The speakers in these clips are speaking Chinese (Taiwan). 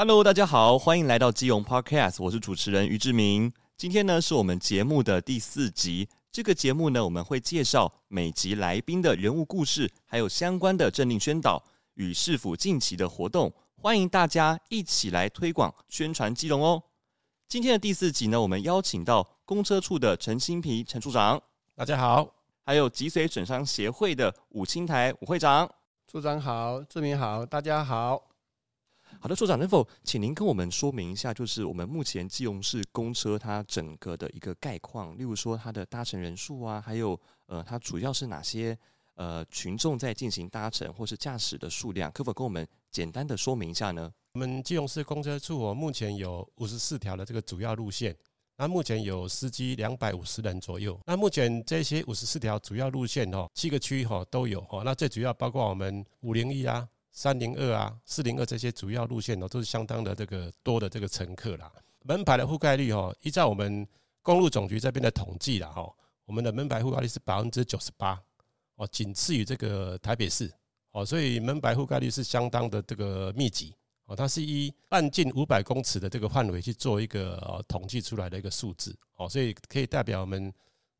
Hello，大家好，歡迎來到基隆 Podcast，我是主持人於志明。今天呢是我們節目的第四集。這個節目呢，我們會介紹每集來賓的人物故事，還有相關的政令宣導與市府近期的活動，歡迎大家一起來推廣宣傳基隆哦。今天的第四集呢，我們邀請到公車處的陳新埤陳處長，大家好。還有脊髓損傷協會的武清台武會長，處長好，志明好，大家好。好的，處長，能否請您跟我們說明一下，就是我們目前基隆市公車它整個的一個概況，例如說它的搭乘人數啊，還有呃，它主要是哪些呃群眾在進行搭乘或是駕駛的數量，可否跟我們簡單的說明一下呢？我們基隆市公車處，我目前有五十四條的這個主要路線，那目前有司機兩百五十人左右，那目前這些五十四條主要路線哦，七個區哦都有哦，那最主要包括我們五零一啊。三零二啊，四零二這些主要路線哦，都是相當的這個多的這個乘客啦。門牌的覆蓋率哦，依照我們公路總局這邊的統計啦哈、哦，我們的門牌覆蓋率是百分之九十八哦，僅次於這個台北市哦，所以門牌覆蓋率是相當的這個密集哦，它是以半徑五百公尺的這個範圍去做一個、哦、統計出來的一個數字哦，所以可以代表我們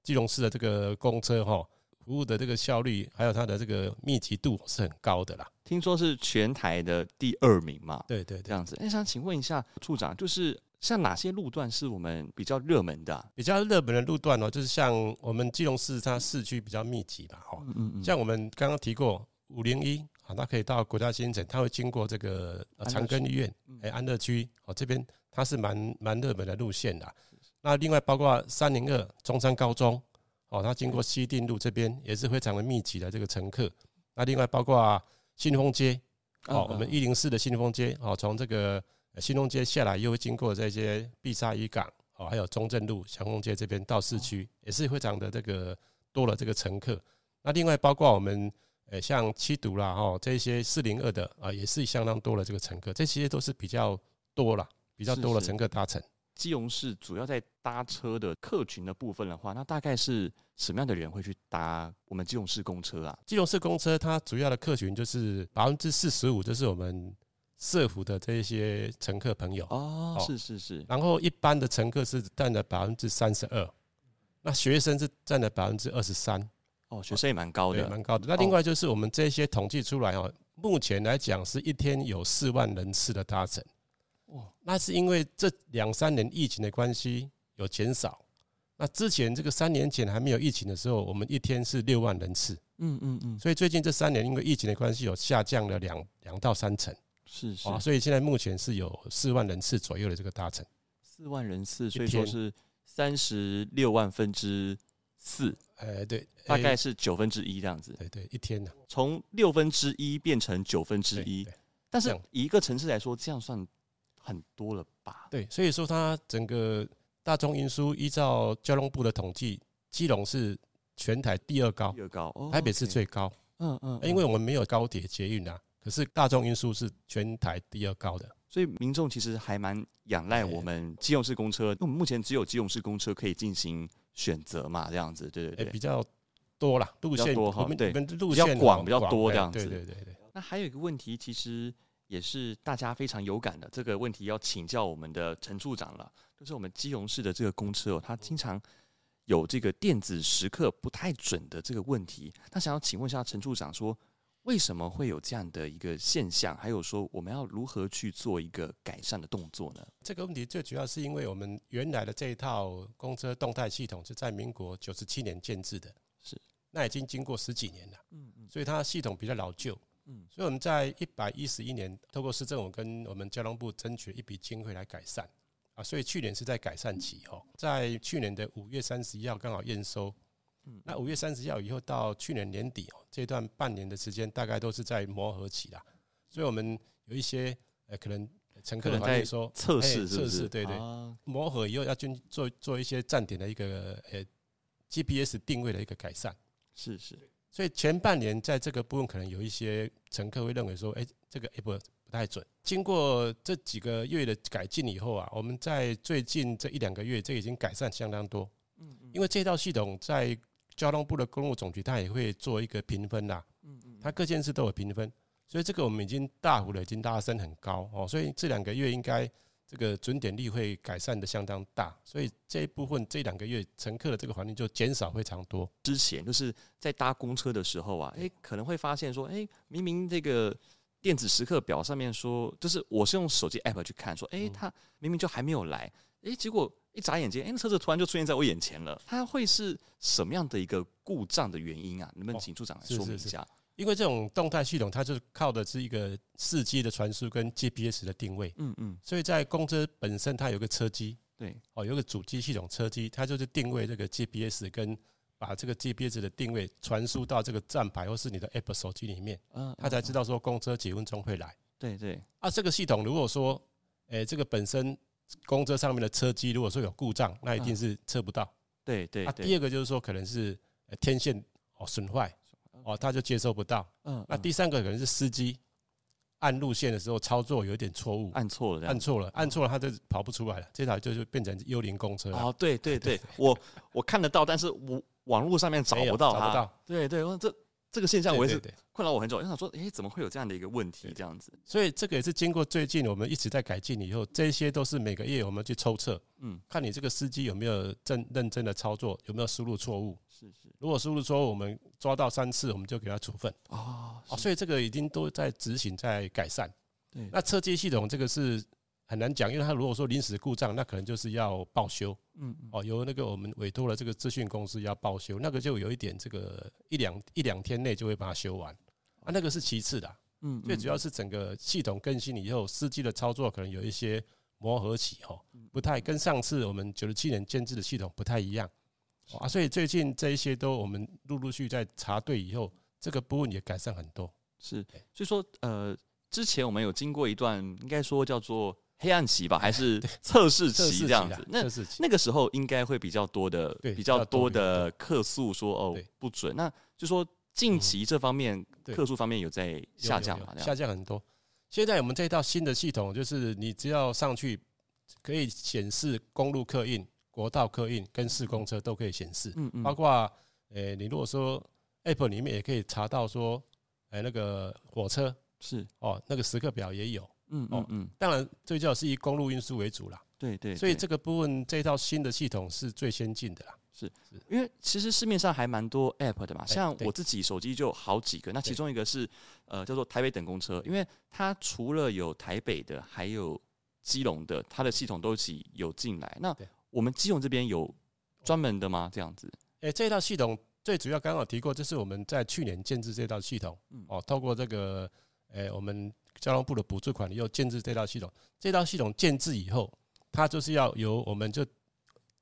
基隆市的這個公車哈、哦。服務的這個效率，還有它的這個密集度是很高的啦。聽說是全台的第二名嘛？對，對對，這樣子。那、欸、想請問一下處長，就是像哪些路段是我們比較熱門的、啊？比較熱門的路段呢、喔，就是像我們基隆市，它市區比較密集嘛、喔。哦，嗯嗯。像我們剛剛提過五零一啊，它可以到國家新城，它會經過這個長庚醫院，哎、呃，安樂區哦，這邊它是蠻蠻熱門的路線的。是是。那另外包括三零二中山高中。哦，它經過西定路這邊也是非常的密集的這個乘客。那另外包括新豐街，哦，啊、我們一零四的新豐街，哦，從這個新豐街下來又經過這些碧沙漁港，哦，還有中正路、祥豐街這邊到市區，也是非常的這個多了這個乘客。那另外包括我們呃、哎，像七堵啦，哈、哦，這些四零二的啊、呃，也是相當多了這個乘客。這些都是比較多了，比較多了乘客搭乘。是是基隆市主要在搭車的客群的部分的話，那大概是什麼樣的人會去搭我們基隆市公車啊？基隆市公車它主要的客群就是百分之四十五，就是我們社福的這一些乘客朋友。哦，哦是是是。然後一般的乘客是占了百分之三十二，那學生是占了百分之二十三。哦，學生也蠻高的，哦、蠻高的。那另外就是我們這些統計出來哦，哦目前來講是一天有四萬人次的搭乘。哦，那是因為這兩三年疫情的關係有減少，那之前這個三年前還沒有疫情的時候，我們一天是六萬人次，嗯嗯嗯。嗯嗯，所以最近這三年因為疫情的關係有下降了兩兩到三成，是是。所以現在目前是有四萬人次左右的這個搭乘，四萬人次，天所以說是三十六萬分之四，哎、呃、對，大概是九分之一這樣子，呃、對對，一天呢、啊，從六分之一變成九分之一，但是以一個城市來說，這樣算。很多了吧？對，所以說它整個大眾運輸，依照交通部的統計，基隆是全台第二高，第二高，哦、台北是最高。嗯 okay 嗯，嗯因為我們沒有高鐵、捷運啊，可是大眾運輸是全台第二高的，所以民眾其實還蠻仰賴我們基隆市公車，對因為我們目前只有基隆市公車可以進行選擇嘛，這樣子，對對對，哎、比較多啦，路線，多哈路線、哦、比較廣比較多這樣子，哎、對，對對對。那還有一個問題，其實。也是大家非常有感的這個問題，要請教我們的陳處長了。就是我們基隆市的這個公車哦，它經常有這個電子時刻不太準的這個問題。他想要請問一下陳處長說，說為什麼會有這樣的一個現象？還有說我們要如何去做一個改善的動作呢？這個問題最主要是因為我們原來的這一套公車動態系統是在民國九十七年建置的，是那已經經過十幾年了，嗯嗯，所以它系統比較老舊。嗯，所以我們在一百一十一年透過市政府跟我們交通部爭取了一筆經費來改善啊，所以去年是在改善期哦，在去年的五月三十一號剛好驗收，那五月三十一號以後到去年年底哦，這段半年的時間大概都是在磨合期啦，所以我們有一些呃可能乘客懷疑說測試測試，對對，磨合以後要進做做一些站點的一個呃 GPS 定位的一個改善，是是。所以前半年在這個部分可能有一些乘客會認為說，哎，這個哎不不太準。經過這幾個月的改進以後啊，我們在最近這一兩個月，這個、已經改善相當多。因為這套系統在交通部的公路總局，它也會做一個評分啦、啊，它各縣市都有評分，所以這個我們已經大幅的已經拉升很高哦。所以這兩個月應該。這個準點率會改善的相當大，所以這一部分這兩個月乘客的這個環境就減少非常多。之前就是在搭公車的時候啊，哎對、欸，可能會發現說，哎、欸，明明這個電子時刻表上面說，就是我是用手機 app 去看，說，哎、欸，它明明就還沒有來，哎、嗯欸，結果一眨眼睛，哎、欸，車子突然就出現在我眼前了。它會是什麼樣的一個故障的原因啊？你能不能請處長來說明一下？哦，是是是。因為這種動態系統，它就是靠的是一個四 G 的傳輸跟 GPS 的定位。所以在公車本身，它有一個車機。哦，有一個主機系統車機，它就是定位這個 GPS，跟把這個 GPS 的定位傳輸到這個站牌或是你的 App 手機裡面。它才知道說公車幾分鐘會來。對對。啊，這個系統如果說，誒，這個本身公車上面的車機如果說有故障，那一定是測不到。對對。啊，第二個就是說，可能是天線哦損壞。哦，他就接收不到。嗯，那第三個可能是司機、嗯、按路線的時候操作有點錯誤，按錯了，了，按錯了，按錯了，他就跑不出來了，這台就是變成幽靈公車了。哦，對對對，對對對，我 我看得到，但是我網絡上面找不到，找不到。對，對對，我這。這個現象也是困擾我很久，我想說，誒、欸，怎麼會有這樣的一個問題？這樣子，所以這個也是經過最近我們一直在改進以後，這些都是每個月我們去抽測，嗯，看你這個司機有沒有正認真的操作，有沒有輸入錯誤。是是，如果輸入錯誤，我們抓到三次，我們就給他處分。哦、啊。所以這個已經都在執行，在改善。對，那車機系統這個是。很難講，因為他如果說臨時故障，那可能就是要報修，嗯，嗯，哦，由那個我們委托了這個資訊公司要報修，那個就有一點這個一兩一兩天內就會把它修完，啊，那個是其次的，啊，嗯，嗯，最主要是整個系統更新以後，司機的操作可能有一些磨合期哈，哦，不太跟上次我們九十七年建制的系統不太一樣，啊，所以最近這一些都我們陸陸續續在查對以後，這個部分也改善很多，是，所以說呃，之前我們有經過一段應該說叫做，黑暗期吧，還是測試期這樣子？測試期啊，那測試期那個時候應該會比較多的，對比較多的客訴說對哦不準。那就是說近期這方面對客訴方面有在下降嗎？有有有有，下降很多。現在我們這套新的系統，就是你只要上去，可以顯示公路客運、國道客運跟市公車都可以顯示。嗯嗯。包括、欸、你如果說 App 裡面也可以查到說，欸、那個火車是哦，那個時刻表也有。嗯嗯嗯、哦，當然最主要是以公路運輸為主啦。對，對對，所以這個部分這一套新的系統是最先進的啦。是是因為其實市面上還蠻多 APP 的嘛，對像我自己手機就好幾個。對那其中一個是呃叫做台北等公車，對因為它除了有台北的，還有基隆的，它的系統都已有進來。那我們基隆這邊有專門的嗎？對這樣子？哎、欸，這一套系統最主要剛剛提過，就是我們在去年建置這一套系統。嗯哦，透過這個呃、欸、我們。交通部的補助款，你又建置這套系統，這套系統建置以後，它就是要由我們就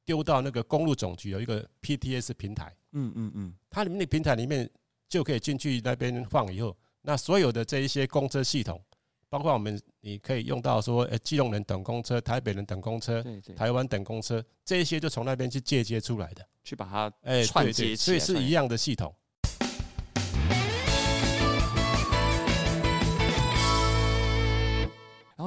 丟到那個公路總局有一個 PTS 平台，嗯嗯嗯，它裡面的平台裡面就可以進去那邊放以後，那所有的這一些公車系統，包括我們你可以用到說，哎、欸，基隆人等公車，台北人等公車，對對對，台灣等公車，這一些就從那邊去借接，接出來的，去把它哎串接起來、欸對對，所以是一樣的系統。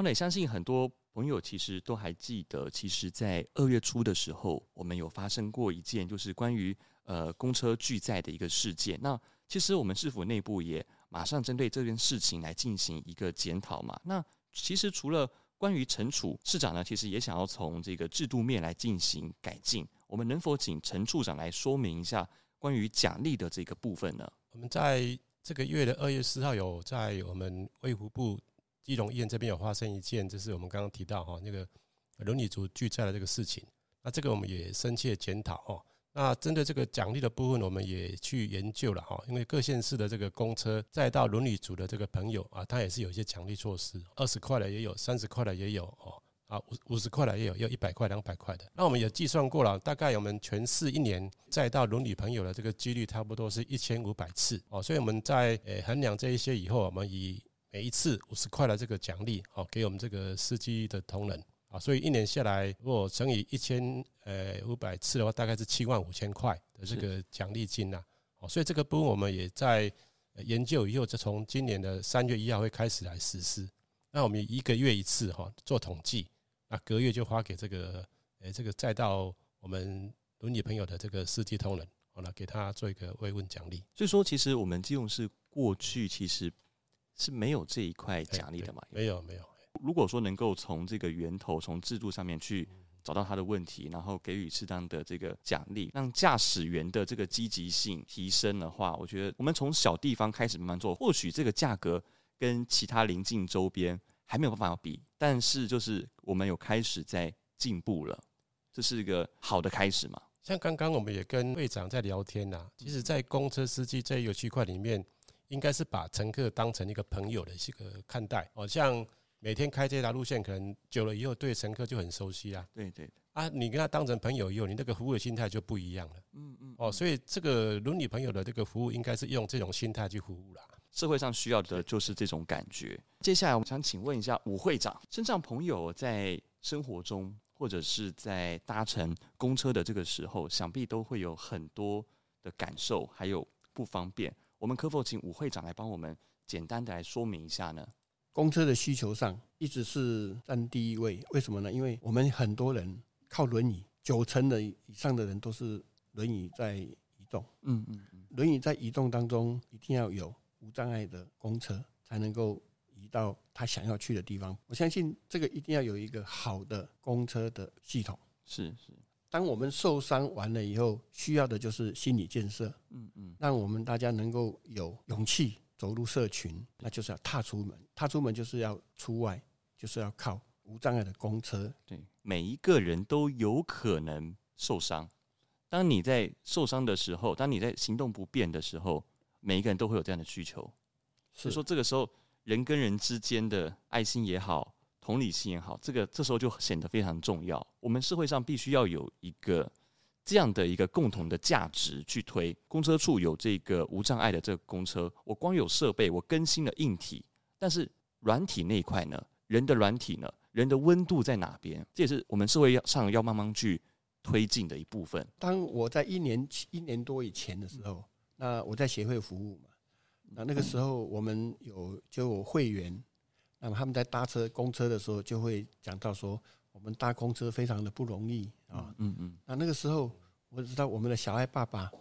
那我相信很多朋友其實都還記得，其實，在二月初的時候，我們有發生過一件，就是關於呃公車拒載的一個事件。那其實我們市府內部也馬上針對這件事情來進行一個檢討嘛。那其實除了關於懲處，市長呢，其實也想要從這個制度面來進行改進。我們能否請陳處長來說明一下關於獎勵的這個部分呢？我們在這個月的二月四號有在我們衛福部。基隆醫院這邊有發生一件，就是我們剛剛提到哈，那個輪椅族拒載的這個事情。那這個我們也深切檢討哦。那針對這個獎勵的部分，我們也去研究了哈。因為各縣市的這個公車，載到輪椅族的這個朋友啊，他也是有一些獎勵措施，二十塊的也有，三十塊的也有哦。啊，五五十塊的也有，要一百塊、兩百塊的。那我們也計算過了，大概我們全市一年載到輪椅朋友的這個幾率，差不多是一千五百次哦。所以我們在呃衡量這一些以後，我們以。每一次五十塊的這個獎勵，好給我們這個司機的同仁啊，所以一年下來如果乘以一千，呃五百次的話，大概是七萬五千塊的這個獎勵金吶、啊。所以這個部分我們也在研究，以後就從今年的三月一號會開始來實施。那我們一個月一次哈做統計，那隔月就發給這個，呃這個載到我們輪椅朋友的這個司機同仁，好了，給他做一個慰問獎勵。所以說，其實我們這種是過去其實。是沒有這一塊獎勵的嗎？欸、沒有，沒有、欸。如果說能夠從這個源頭、從制度上面去找到它的問題，然後給予適當的這個獎勵，讓駕駛員的這個積極性提升的話，我覺得我們從小地方開始慢慢做，或許這個價格跟其他鄰近周邊還沒有辦法比，但是就是我們有開始在進步了，這是一個好的開始嘛？像剛剛我們也跟會長在聊天吶、啊，其實，在公車司機這一個區塊裡面。應該是把乘客當成一個朋友的一個看待哦，像每天開這條路線，可能久了以後對乘客就很熟悉啦。對對啊，啊，你跟他當成朋友以後，你那個服務的心態就不一樣了。嗯嗯哦，所以這個輪椅朋友的這個服務，應該是用這種心態去服務啦。社會上需要的就是這種感覺。接下來，我們想請問一下武會長，身上朋友在生活中或者是在搭乘公車的這個時候，想必都會有很多的感受，還有不方便。我們可否請武會長來幫我們簡單的來說明一下呢？公車的需求上一直是占第一位，為什麼呢？因為我們很多人靠輪椅，九成的以上的人都是輪椅在移動。嗯嗯嗯，嗯嗯輪椅在移動當中一定要有無障礙的公車，才能夠移到他想要去的地方。我相信這個一定要有一個好的公車的系統。是是。是當我們受傷完了以後，需要的就是心理建設，嗯嗯，嗯讓我們大家能夠有勇氣走入社群，那就是要踏出門，踏出門就是要出外，就是要靠無障礙的公車。對，每一個人都有可能受傷。當你在受傷的時候，當你在行動不便的時候，每一個人都會有這樣的需求。所以是說，這個時候人跟人之間的愛心也好。同理心也好，這個這時候就顯得非常重要。我們社會上必須要有一個這樣的一個共同的價值去推。公車處有這個無障礙的這個公車，我光有設備，我更新了硬體，但是軟體那一塊呢，人的軟體呢，人的溫度在哪邊？這也是我們社會上要慢慢去推進的一部分。當我在一年一年多以前的時候，嗯、那我在協會服務嘛，那那個時候我們有就有會員。嗯那麼他們在搭車公車的時候，就會講到說，我們搭公車非常的不容易啊嗯。嗯嗯。那那個時候，我知道我們的小愛爸爸，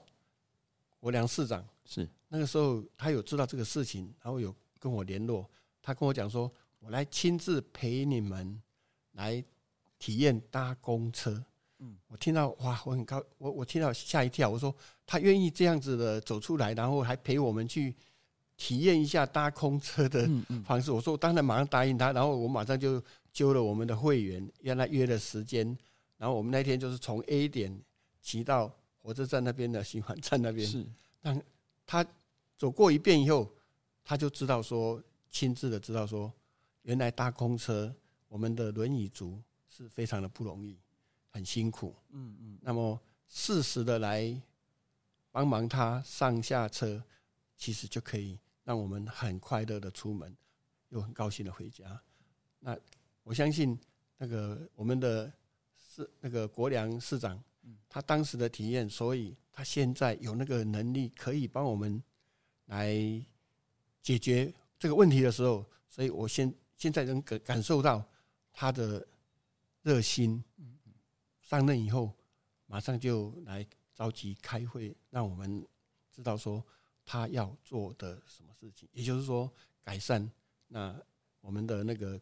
國樑市長是那個時候他有知道這個事情，然後有跟我聯絡，他跟我講說，我來親自陪你們來體驗搭公車。嗯，我聽到哇，我很高，我我聽到嚇一跳，我說他願意這樣子的走出來，然後還陪我們去。體驗一下搭公車的方式，我說我當然馬上答應他，然後我馬上就揪了我們的會員，讓他約了時間，然後我們那天就是從 A 點騎到火車站那邊的循環站那邊。是，但他走過一遍以後，他就知道說，親自的知道說，原來搭公車，我們的輪椅族是非常的不容易，很辛苦。嗯嗯。那麼適時的來幫忙他上下車，其實就可以。讓我們很快樂的出門，又很高興的回家。那我相信那個我們的市那個國樑市長，他當時的體驗，所以他現在有那個能力可以幫我們來解決這個問題的時候，所以我現現在能感感受到他的熱心。上任以後，馬上就來召集開會，讓我們知道說。他要做的什麼事情，也就是說，改善那我們的那個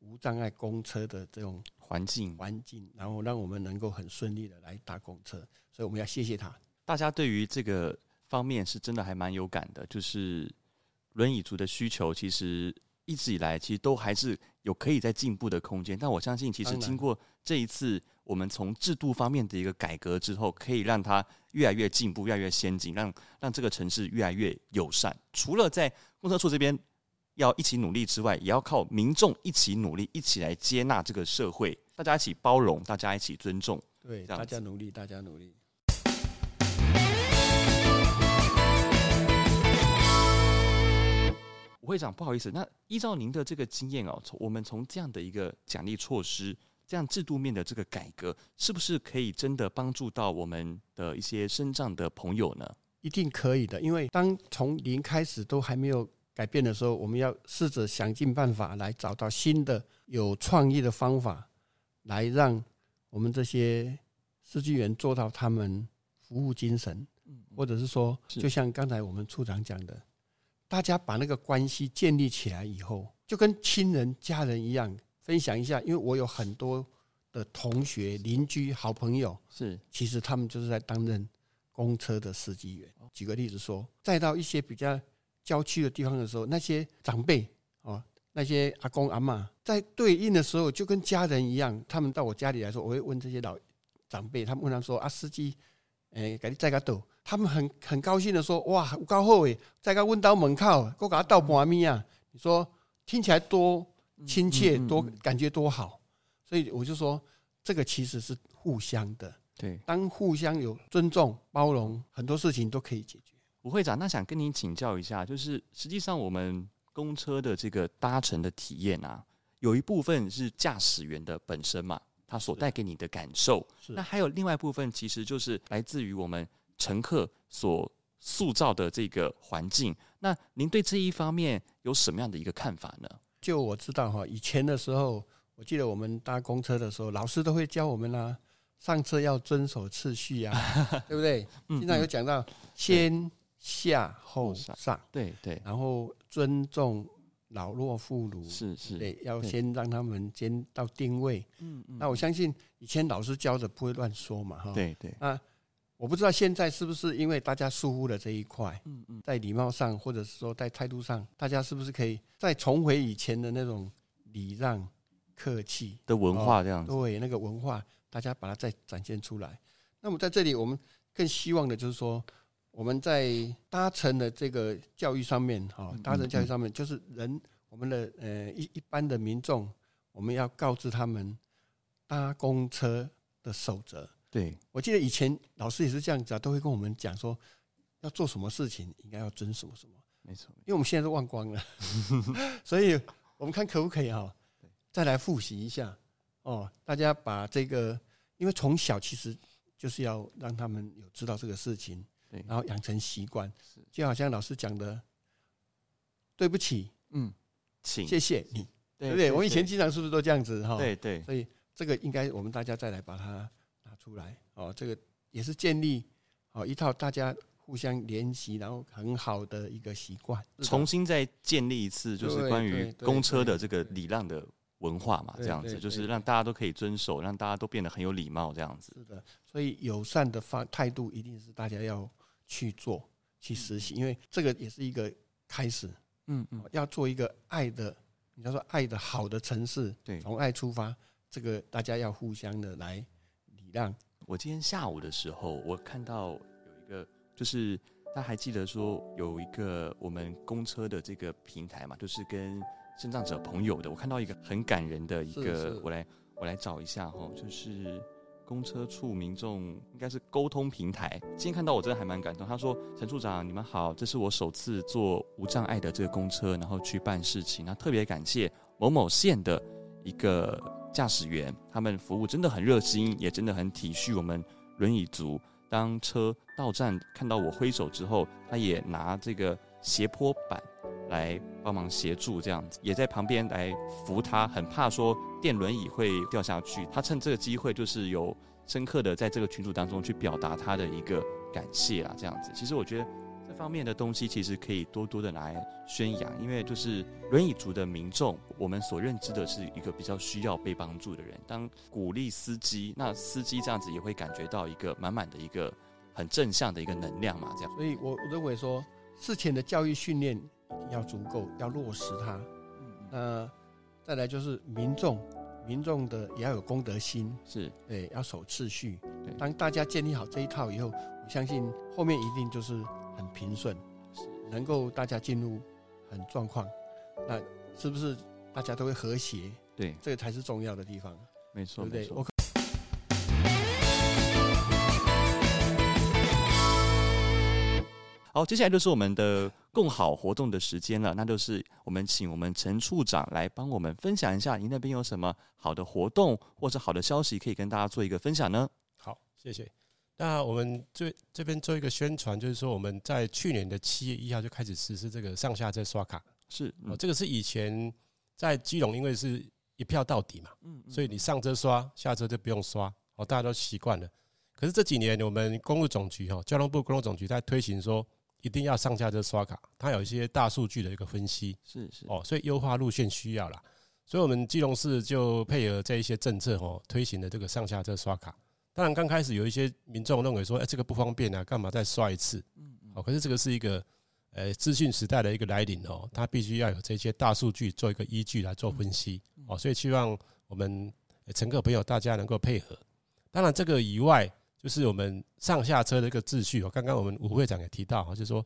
無障礙公車的這種環境，環境，境，然後讓我們能夠很順利的來搭公車，所以我們要謝謝他。大家對於這個方面是真的還蠻有感的，就是輪椅族的需求，其實一直以來其實都還是有可以再進步的空間，但我相信其實經過這一次。我們從制度方面的一個改革之後，可以讓它越來越進步、越來越先進，讓讓這個城市越來越友善。除了在公車處這邊要一起努力之外，也要靠民眾一起努力，一起來接納這個社會，大家一起包容，大家一起尊重，對，大家努力，大家努力。武會長，不好意思，那依照您的這個經驗哦，從我們從這樣的一個獎勵措施。這樣制度面的這個改革，是不是可以真的幫助到我們的一些身障的朋友呢？一定可以的，因為當從零開始都還沒有改變的時候，我們要試着想盡辦法來找到新的有創意的方法，來讓我們這些司機員做到他們服務精神，或者是說，是就像剛才我們處長講的，大家把那個關係建立起來以後，就跟親人家人一樣。分享一下，因為我有很多的同學、鄰居、好朋友，是，其實他們就是在擔任公車的司機員。舉個例子說，再到一些比較郊區的地方的時候，那些長輩哦，那些阿公阿嬤在對應的時候，就跟家人一樣。他們到我家裡來說，我會問這些老長輩，他們問他說：“啊，司機，誒，趕緊載他走。”他們很很高興的說：“哇，很高好誒，在剛問到門口，我給他倒半米啊。”你說聽起來多。親切多、嗯嗯嗯、感覺多好，所以我就說，這個其實是互相的。對，當互相有尊重、包容，很多事情都可以解決。武會長，那想跟您請教一下，就是實際上我們公車的這個搭乘的體驗啊，有一部分是駕駛員的本身嘛，他所帶給你的感受。是。是。那還有另外一部分，其實就是來自於我們乘客所塑造的這個環境。那您對這一方面有什麼樣的一個看法呢？就我知道哈，以前的時候，我記得我們搭公車的時候，老師都會教我們啦、啊，上車要遵守秩序啊， 對不對？經常有講到、 嗯嗯、先下後上，對對，對，然後尊重老弱婦孺，是是，是對，要先讓他們先到定位。嗯嗯對，那我相信以前老師教的不會亂說嘛，哈，對對啊。我不知道現在是不是因為大家疏忽了這一塊，在禮貌上，或者是說在態度上，大家是不是可以再重回以前的那種禮讓、客氣的文化這樣？對，那個文化，大家把它再展現出來。那麼在這裡，我們更希望的就是說，我們在搭乘的這個教育上面，哈，搭乘教育上面，就是人，我們的呃一一般的民眾，我們要告知他們搭公車的守則。對，我記得以前老師也是這樣子啊，都會跟我們講說要做什麼事情，應該要遵守什麼什麼。沒錯錯，因為我們現在都忘光了， 所以我們看可不可以哈，再來複習一下哦。大家把這個，因為從小其實就是要讓他們有知道這個事情，對然後養成習慣，是就好像老師講的，對不起，嗯，請，謝謝你，對不對？對對對，我們以前經常是不是都這樣子哈？對，對對，所以這個應該我們大家再來把它。出來哦，這個也是建立哦一套大家互相聯繫，然後很好的一個習慣，重新再建立一次，就是關於公車的這個禮讓的文化嘛，這樣子就是讓大家都可以遵守，讓大家都變得很有禮貌這樣子。是的，所以友善的方態度一定是大家要去做去實行，嗯、因為這個也是一個開始。嗯嗯，嗯要做一個愛的，你要說愛的好的城市，對，從愛出發，這個大家要互相的來。讓我今天下午的時候，我看到有一個，就是大家還記得說有一個我們公車的這個平台嘛，就是跟身障者朋友的。我看到一個很感人的一個，是是我來我來找一下哈，就是公車處民眾應該是溝通平台。今天看到我真的還蠻感動，他說：“陳處長，你們好，這是我首次坐無障礙的這個公車，然後去辦事情，那特別感謝某某縣的一個。”駕駛員他們服務真的很熱心，也真的很體恤我們輪椅族。當車到站，看到我揮手之後，他也拿這個斜坡板來幫忙協助，這樣子也在旁邊來扶他，很怕說電輪椅會掉下去。他趁這個機會，就是有深刻的在這個群組當中去表達他的一個感謝啦。這樣子，其實我覺得。方面的東西其實可以多多的來宣揚，因為就是輪椅族的民眾，我們所認知的是一個比較需要被幫助的人。當鼓勵司機，那司機這樣子也會感覺到一個滿滿的一個很正向的一個能量嘛。這樣，所以我我認為說，之前的教育訓練要足夠，要落實它。呃，那再來就是民眾，民眾的也要有公德心，是，對，要守秩序。當大家建立好這一套以後，我相信後面一定就是。很平順，能夠大家進入很狀況，那是不是大家都會和諧？對，這個才是重要的地方。沒錯，對對沒錯。Okay. 好，接下來就是我們的共好活動的時間了。那就是我們請我們陳處長來幫我們分享一下，您那邊有什麼好的活動或者好的消息可以跟大家做一個分享呢？好，謝謝。那我們最這邊做一個宣傳，就是說我們在去年的七月一號就開始實施這個上下車刷卡。是，嗯、哦，這個是以前在基隆，因為是一票到底嘛，嗯，嗯，嗯，所以你上車刷，下車就不用刷，哦，大家都習慣了。可是這幾年，我們公路總局哦，交通部公路總局在推行說一定要上下車刷卡，它有一些大數據的一個分析，是是哦，所以優化路線需要啦。所以我們基隆市就配合這一些政策哦，推行了這個上下車刷卡。當然，剛開始有一些民眾認為說，哎、欸，這個不方便啊，幹嘛再刷一次，哦？可是這個是一個，呃、欸，資訊時代的一個來臨哦，它必須要有這些大數據做一個依據來做分析哦，所以希望我們、欸、乘客朋友大家能夠配合。當然，這個以外就是我們上下車的一個秩序哦。剛剛我們武會長也提到，就是說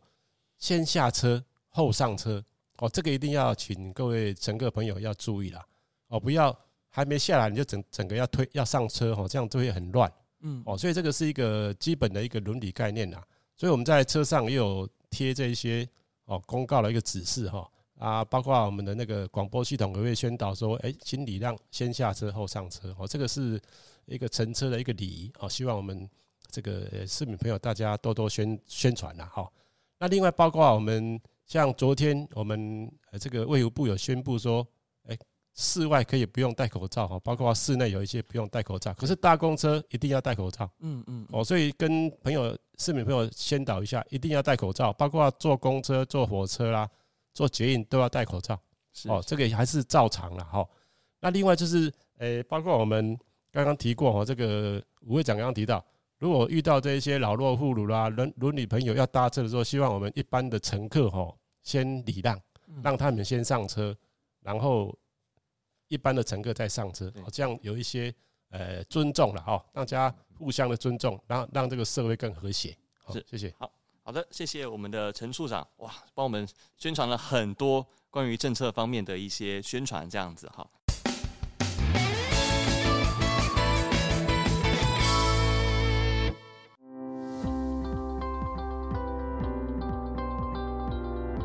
先下車後上車哦，這個一定要請各位乘客朋友要注意了，哦，不要。還沒下來你就整整個要推要上車哈、哦，這樣就會很亂，嗯、哦，所以這個是一個基本的一個倫理概念吶、啊。所以我們在車上也有貼這一些哦，公告的一個指示哈、哦、啊，包括我們的那個廣播系統也會宣導說，哎、欸，請禮讓先下車後上車，哦，這個是一個乘車的一個禮儀哦，希望我們這個、欸、市民朋友大家多多宣宣傳吶哈。那另外包括我們像昨天我們、呃、這個衛福部有宣布說。室外可以不用戴口罩哈，包括室內有一些不用戴口罩，可是搭公車一定要戴口罩。嗯嗯，嗯哦，所以跟朋友、市民朋友宣導一下，一定要戴口罩，包括坐公車、坐火車啦、啊、坐捷運都要戴口罩。是哦，是這個還是照常了哈、哦。那另外就是、欸，包括我們剛剛提過哈，這個吳會長剛剛提到，如果遇到這一些老弱婦孺啦、啊、輪輪椅朋友要搭車的時候，希望我們一般的乘客哈、哦，先禮讓，讓他們先上車，然後。一般的乘客在上車。對這樣有一些呃尊重了哈、哦，大家互相的尊重，然後讓這個社會更和諧。好是、哦，謝謝。好好的，謝謝我們的陳處長，哇，幫我們宣傳了很多關於政策方面的一些宣傳，這樣子哈。哦、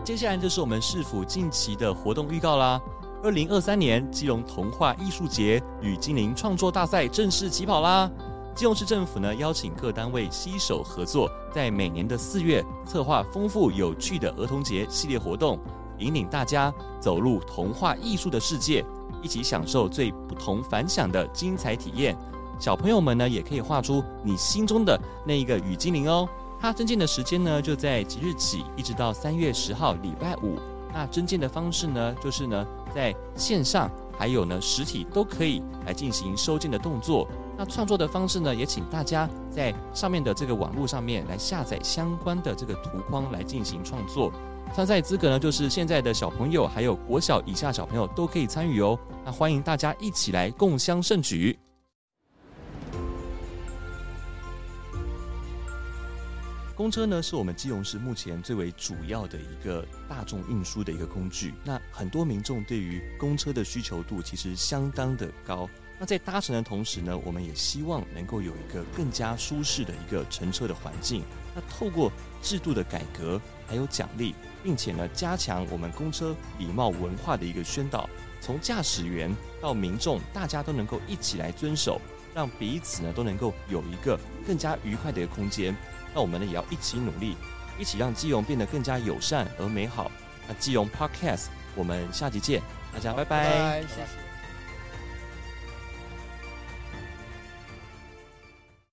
接下來就是我們市府近期的活動預告啦。二零二三年基隆童話藝術節與精靈創作大賽正式起跑啦！基隆市政府呢邀請各單位攜手合作，在每年的四月策劃豐富有趣的兒童節系列活動，引領大家走入童話藝術的世界，一起享受最不同凡響的精彩體驗。小朋友們呢也可以畫出你心中的那一個雨精靈哦！它徵件的時間呢就在即日起一直到三月十號禮拜五。那徵件的方式呢就是呢。在線上還有呢，實體都可以來進行收件的動作。那創作的方式呢，也請大家在上面的這個網絡上面來下載相關的這個圖框來進行創作。參賽資格呢，就是現在的小朋友還有國小以下小朋友都可以參與哦。那歡迎大家一起來共襄盛舉。公車呢，是我們基隆市目前最為主要的一個大眾運輸的一個工具。那很多民眾對於公車的需求度其實相當的高。那在搭乘的同時呢，我們也希望能夠有一個更加舒適的一個乘車的環境。那透過制度的改革還有獎勵，並且呢，加強我們公車禮貌文化的一個宣導，從駕駛員到民眾，大家都能夠一起來遵守，讓彼此呢都能夠有一個更加愉快的一個空間。那我們呢也要一起努力，一起讓基隆變得更加友善而美好。那基隆 Podcast，我們下集見，大家拜拜。